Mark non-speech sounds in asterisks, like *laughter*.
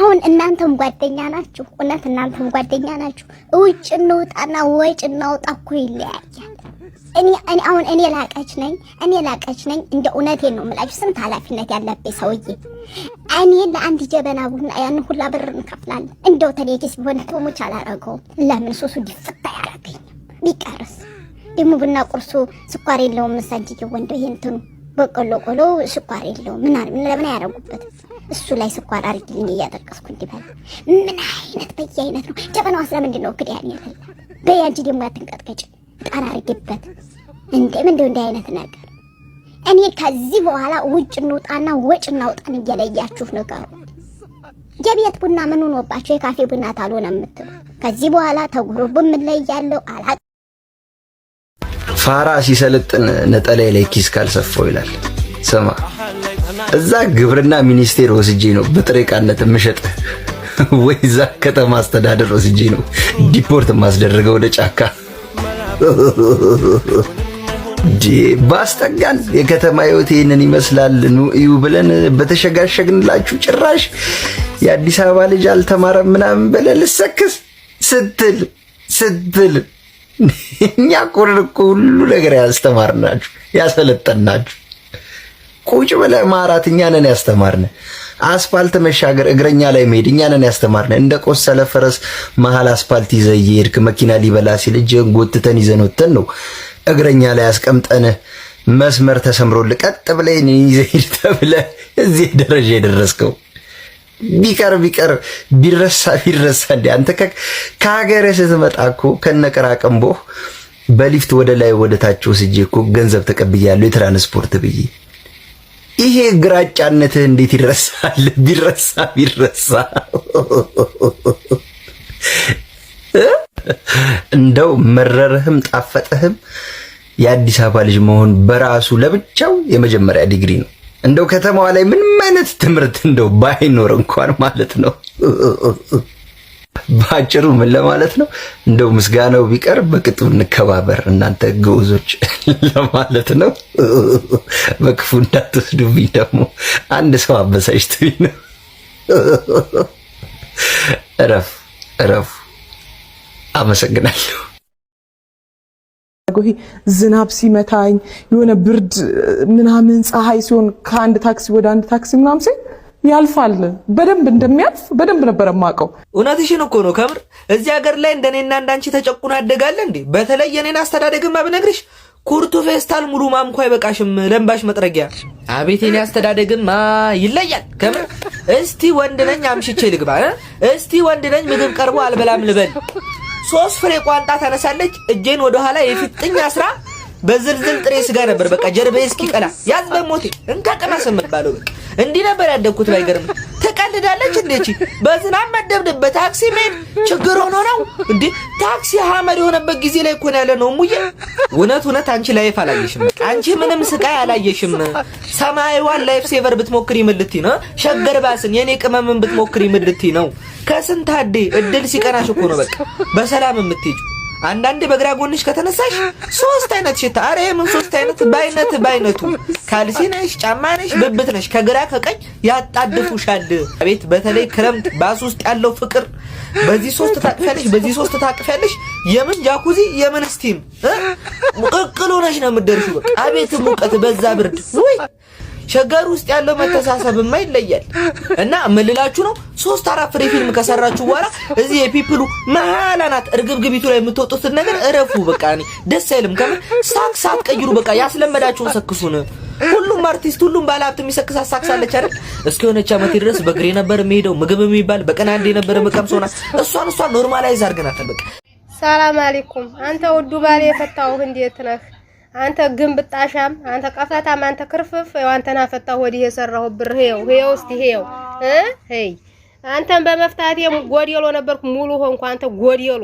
አሁን እናንተም ጓደኛ ናችሁ፣ እውነት እናንተም ጓደኛ ናችሁ። ውጭ እንውጣና ወጭ እናውጣ እኮ ይለያያል። እኔ እኔ አሁን እኔ ላቀች ነኝ እኔ ላቀች ነኝ። እንደ እውነቴን ነው የምላችሁ። ስንት ኃላፊነት ያለብኝ ሰውዬ። እኔ ለአንድ ጀበና ቡና ያን ሁላ ብር እንከፍላለን። እንደው ተሌኪስ ቢሆን ትሙች አላረገውም። ለምን ሶሱ ሊፈታ ያረገኝ ቢቀርስ ደግሞ ቡና ቁርሱ ስኳር የለውም። መሳጅ ወንዶ ይሄ እንትኑ በቆሎ ቆሎ ስኳር የለውም። ምን ለምን አያረጉበት እሱ ላይ ስኳር አርግልኝ እያጠቀስኩ እንዲበላ ምን አይነት በየ አይነት ነው ጀበናዋ? ስለምንድን ነው ክድ ያን ያለ በያንቺ ደግሞ ያትንቀጥቀጭ ጣን አርግበት እንዴ! ምንድው እንዲህ አይነት ነገር እኔ ከዚህ በኋላ ውጭ እንውጣና ወጭ እናውጣን እየለያችሁ ንገሩ። የቤት ቡና ምን ሆኖባቸው የካፌ ቡና ታልሆነ የምትሉ ከዚህ በኋላ ላይ ያለው አላ ፋራ ሲሰለጥን ነጠላይ ላይ ኪስ ካልሰፈው ይላል ስማ እዛ ግብርና ሚኒስቴር ወስጄ ነው በጥሬ ዕቃነት የምሸጥ *laughs* ወይ እዛ ከተማ አስተዳደር ወስጄ ነው ዲፖርት የማስደረገው ወደ ጫካ። *laughs* ባስጠጋን የከተማ ህይወት ይህንን ይመስላል ኑ እዩ ብለን በተሸጋሸግንላችሁ ጭራሽ የአዲስ አበባ ልጅ አልተማረም ምናምን ብለን ልሰክስ ስትል ስትል እኛ እኮ ሁሉ ነገር ያስተማርናችሁ ያሰለጠናችሁ ቁጭ ብለህ ማራት እኛ ነን ያስተማርነ። አስፋልት መሻገር እግረኛ ላይ መሄድ እኛ ነን ያስተማርነ። እንደ ቆሰለ ፈረስ መሀል አስፋልት ይዘህ እየሄድክ መኪና ሊበላ ሲል እጅህን ጎትተን ይዘን ወተን ነው እግረኛ ላይ አስቀምጠንህ መስመር ተሰምሮልህ ቀጥ ብለህ ይዘህ ሂድ ተብለህ እዚህ ደረጃ የደረስከው ቢቀር ቢቀር ቢረሳ ቢረሳ እንደ አንተ ከሀገር ስትመጣ እኮ ከነቀራቀምቦህ በሊፍት ወደ ላይ ወደ ታች ወስጄ እኮ ገንዘብ ተቀብያለሁ የትራንስፖርት ብዬ ይሄ ግራጫነትህ እንዴት ይረሳል? *laughs* ቢረሳ ቢረሳ እንደው መረረህም ጣፈጠህም የአዲስ አበባ ልጅ መሆን በራሱ ለብቻው የመጀመሪያ ዲግሪ ነው። እንደው ከተማዋ ላይ ምንም አይነት ትምህርት እንደው ባይኖር እንኳን ማለት ነው። በአጭሩ ምን ለማለት ነው? እንደው ምስጋናው ቢቀር በቅጡ እንከባበር እናንተ ግዑዞች *laughs* ለማለት ነው። *laughs* በክፉ እንዳትወስዱብኝ። ደግሞ አንድ ሰው አበሳጭቶኝ ነው። *laughs* እረፍ እረፍ። አመሰግናለሁ። ዝናብ ሲመታኝ የሆነ ብርድ ምናምን ፀሐይ ሲሆን ከአንድ ታክሲ ወደ አንድ ታክሲ ምናምን ያልፋል በደንብ እንደሚያልፍ በደንብ ነበር የማውቀው። እውነትሽን እኮ ነው ከምር። እዚህ ሀገር ላይ እንደኔና እንዳንቺ ተጨቁን አደጋለ እንዴ? በተለይ የኔን አስተዳደግማ ብነግርሽ ኩርቱ ፌስታል ሙሉ ማምኳ አይበቃሽም፣ ለምባሽ መጥረጊያ። አቤት የኔ አስተዳደግማ ይለያል ከምር። እስቲ ወንድ ነኝ አምሽቼ ልግባ፣ እስቲ ወንድ ነኝ ምግብ ቀርቦ አልበላም ልበል። ሶስት ፍሬ ቋንጣ ታነሳለች፣ እጄን ወደኋላ የፊጥኝ አስራ በዝርዝር ጥሬ ስጋ ነበር በቃ ጀርቤ እስኪቀላ ያዝ በሞቴ እንካቀማስ የምባለው በቃ እንዲህ ነበር ያደግኩት። ባይገርም ትቀልዳለች። እንዴቺ በዝናብ መደብደብ በታክሲ መሄድ ችግር ሆኖ ነው እንዴ? ታክሲ ሀመር የሆነበት ጊዜ ላይ እኮ ነው ያለ ነው። ሙዬ እውነት እውነት አንቺ ላይፍ አላየሽም። አንቺ ምንም ስቃይ አላየሽም። ሰማይዋን ላይፍ ሴቨር ብትሞክሪ ምልቲ ነው። ሸገር ባስን የኔ ቅመምን ብትሞክሪ ምልቲ ነው። ከስንት አዴ እድል ሲቀናሽ እኮ ነው በቃ በሰላም የምትሄጂው። አንዳንዴ በግራ ጎንሽ ከተነሳሽ ሶስት አይነት ሽታ። አረ ምን ሶስት አይነት? በአይነት በአይነቱ ካልሲ ነሽ፣ ጫማ ነሽ፣ ብብት ነሽ፣ ከግራ ከቀኝ ያጣድፉሻል። ቤት በተለይ ክረምት ባስ ውስጥ ያለው ፍቅር በዚህ ሶስት ታቅፊያለሽ፣ በዚህ ሶስት ታቅፊያለሽ። የምን ጃኩዚ የምን ስቲም ቅቅሉ ነሽ ነው የምትደርሺው። በቃ አቤት ሙቀት በዛ ብርድ ወይ ሸገር ውስጥ ያለው መተሳሰብማ ይለያል። እና ምልላችሁ ነው ሶስት አራት ፍሬ ፊልም ከሰራችሁ በኋላ እዚህ የፒፕሉ መሀል አናት እርግብግቢቱ ላይ የምትወጡትን ነገር እረፉ። በቃ እኔ ደስ አይልም። ከምን ሳቅ ቀይሩ። በቃ ያስለመዳችሁን ሰክሱን። ሁሉም አርቲስት፣ ሁሉም ባለሀብት የሚሰክስ አሳክሳለች አይደል? እስኪ የሆነች አመት ድረስ በእግሬ ነበር የሚሄደው ምግብ የሚባል በቀን አንዴ ነበር የምቀምሰውና እሷን እሷን ኖርማላይዝ አድርገናታል። በቃ ሰላም አለይኩም። አንተ ውዱ ባሌ የፈታሁህ እንዴት ነህ? አንተ ግን ብጣሻም፣ አንተ ቀፍታታም፣ አንተ ክርፍፍ፣ ያው አንተን አፈታ ወዲ የሰራው ብር ሄው ሄው እስቲ ሄው እ አንተን በመፍታት ጎዴሎ ነበርኩ ሙሉ ሆንኩ። አንተ ጎዴሎ